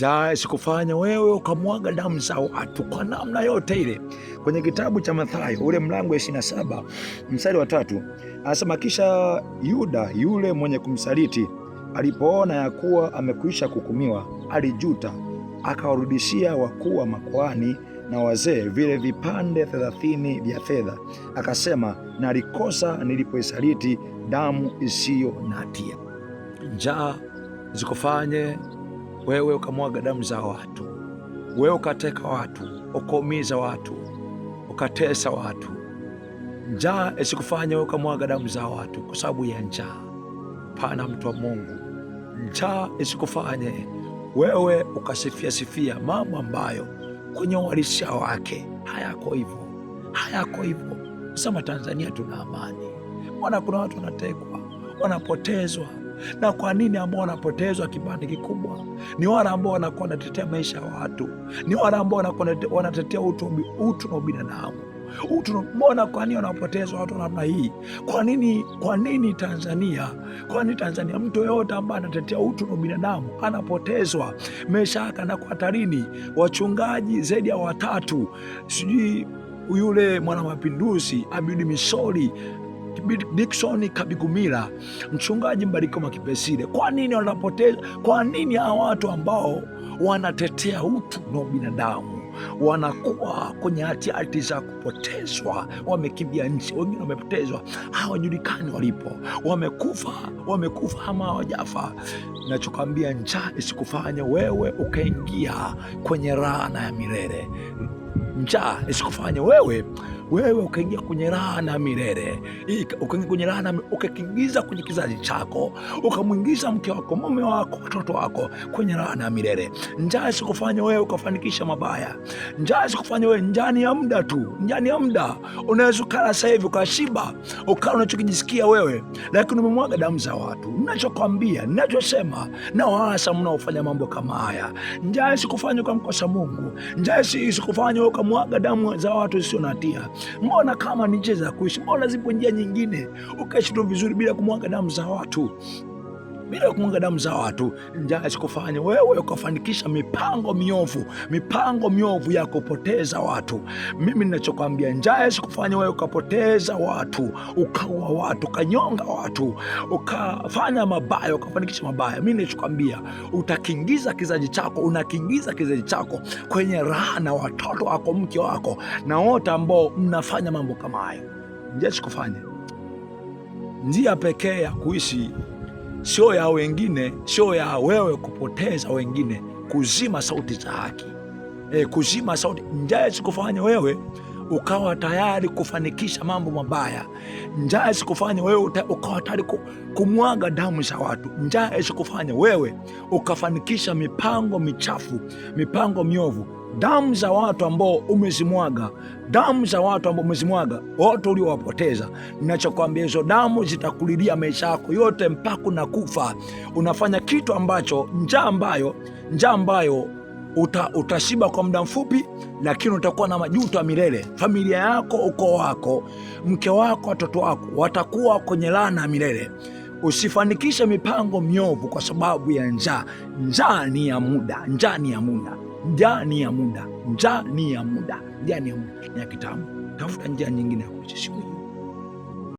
za sikufanya wewe ukamwaga damu za watu kwa namna yote ile. Kwenye kitabu cha Mathayo ule mlango wa 27 mstari wa tatu anasema, kisha Yuda yule mwenye kumsaliti alipoona ya kuwa amekwisha kuhukumiwa, alijuta, akawarudishia wakuu wa makuhani na wazee vile vipande thelathini vya fedha, akasema, nalikosa nilipoisaliti damu isiyo na hatia. Njaa zikufanye wewe ukamwaga damu za watu, wewe ukateka watu, ukaumiza watu, ukatesa watu. Njaa isikufanya wewe ukamwaga damu za watu kwa sababu ya njaa. Pana mtu wa Mungu, njaa isikufanye wewe ukasifia sifia mambo ambayo kwenye uhalisia wake hayako hivyo, hayako hivyo. Sema Tanzania tuna amani, mana kuna watu wanatekwa, wanapotezwa na kwa nini ambao wanapotezwa kipande kikubwa ni wale ambao wanakuwa wanatetea maisha ya watu, ni wale ambao wanakuwa wanatetea utu, utu na ubinadamu Mbona kwa nini wanapotezwa watu namna hii? Kwa nini, kwa nini Tanzania? Kwa nini Tanzania mtu yoyote ambaye anatetea utu na ubinadamu anapotezwa, maisha yake yanakuwa hatarini? Wachungaji zaidi ya watatu, sijui yule mwanamapinduzi Abidi Misori Dickson Kabigumila, mchungaji Mbarikiwa Mwakipesile, kwa nini wanapoteza? Kwa nini hawa watu ambao wanatetea utu na ubinadamu wanakuwa kwenye hatihati za kupotezwa, wamekimbia nchi, wengine wamepotezwa, hawajulikani walipo, wamekufa, wamekufa ama hawajafa. Nachokwambia, njaa isikufanya wewe ukaingia kwenye laana ya milele njaa isikufanye wewe wewe ukaingia kwenye raha na milele, ukaingia kwenye raha na ukakiingiza kwenye kizazi chako, ukamwingiza mke wako, mume wako, watoto wako kwenye raha na milele. Njaa isikufanye wewe ukafanikisha mabaya. Njaa isikufanye wewe, njani ya muda tu, njani ya muda. Unaweza ukala sasa hivi ukashiba, ukala unachokijisikia wewe, lakini umemwaga damu za watu. Nachokwambia, nachosema na wahasa mnaofanya mambo kama haya, njaa isikufanye ukamkosa Mungu. Njaa isikufanye moyo ukamwaga damu za watu sio na hatia? Mbona kama ni njia za kuishi, mbona zipo njia nyingine ukaishi tu vizuri bila kumwaga damu za watu? bila kumwaga damu za watu, njaa sikufanya wewe ukafanikisha mipango miovu, mipango miovu ya kupoteza watu. Mimi ninachokwambia, njaa sikufanya wewe ukapoteza watu, ukaua watu, ukanyonga watu, ukafanya mabaya, ukafanikisha mabaya. Mimi ninachokwambia, utakiingiza kizazi chako, unakiingiza kizazi chako kwenye raha, na watoto wako, mke wako, na wote ambao mnafanya mambo kama hayo. Njaa sikufanya njia pekee ya kuishi sio ya wengine, sio ya wewe kupoteza wengine, kuzima sauti za haki e, kuzima sauti. Njaa zikufanya wewe ukawa tayari kufanikisha mambo mabaya. Njaa isikufanya wewe ukawa tayari kumwaga damu za watu. Njaa isikufanya wewe ukafanikisha mipango michafu, mipango miovu damu za watu ambao umezimwaga, damu za watu ambao umezimwaga, wote uliowapoteza. Ninachokwambia, hizo damu zitakulilia maisha yako yote mpaka unakufa. Unafanya kitu ambacho njaa ambayo njaa ambayo uta, utashiba kwa muda mfupi, lakini utakuwa na majuto ya milele. Familia yako, ukoo wako, mke wako, watoto wako watakuwa kwenye laana ya milele. Usifanikishe mipango miovu kwa sababu ya njaa. Njaa ni ya muda, njaa ni ya muda. Njaa ni ya muda, njaa ni ya muda, njaa ni ya muda, ni ya kitambo. Tafuta njia nyingine ya kuishi siku